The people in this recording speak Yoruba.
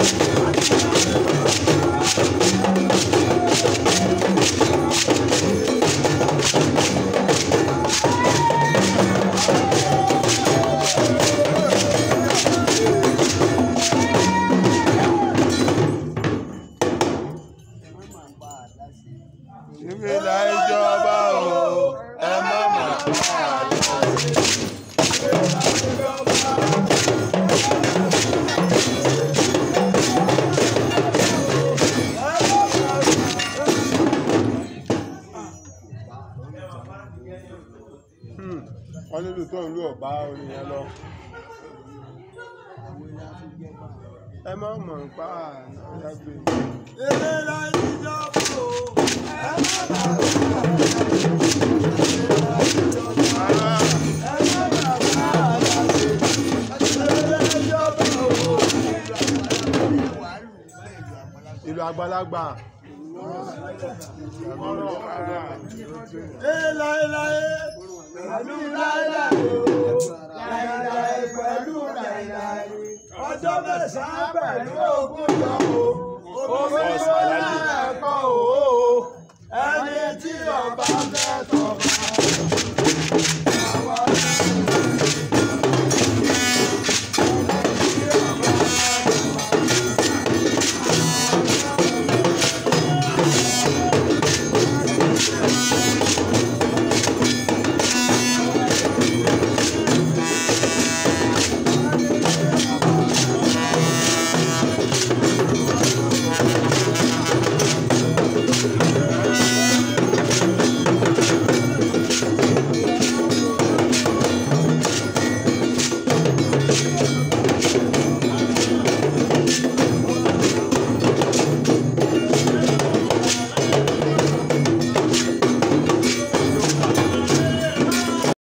ìfìlà ìjọba o ẹ má mà bá a lọ sí. wọ́n nílùú tó ń lù ọ̀bá orin lọ. ẹ má mọ̀ ń pa àná gbé. la ìjọ fò ẹ má bà wá eré la ìjọ fò ẹ má bà wá àlàyé eré la ìjọ fò. ìlú àgbàlagbà. Ee láéláé, àlùmí. ọjọ́ mẹ́sàn-án pẹ̀lú ogún kan o omi ló ń lẹ́ẹ̀kan o ẹni tí ọba fẹ́ tọ́.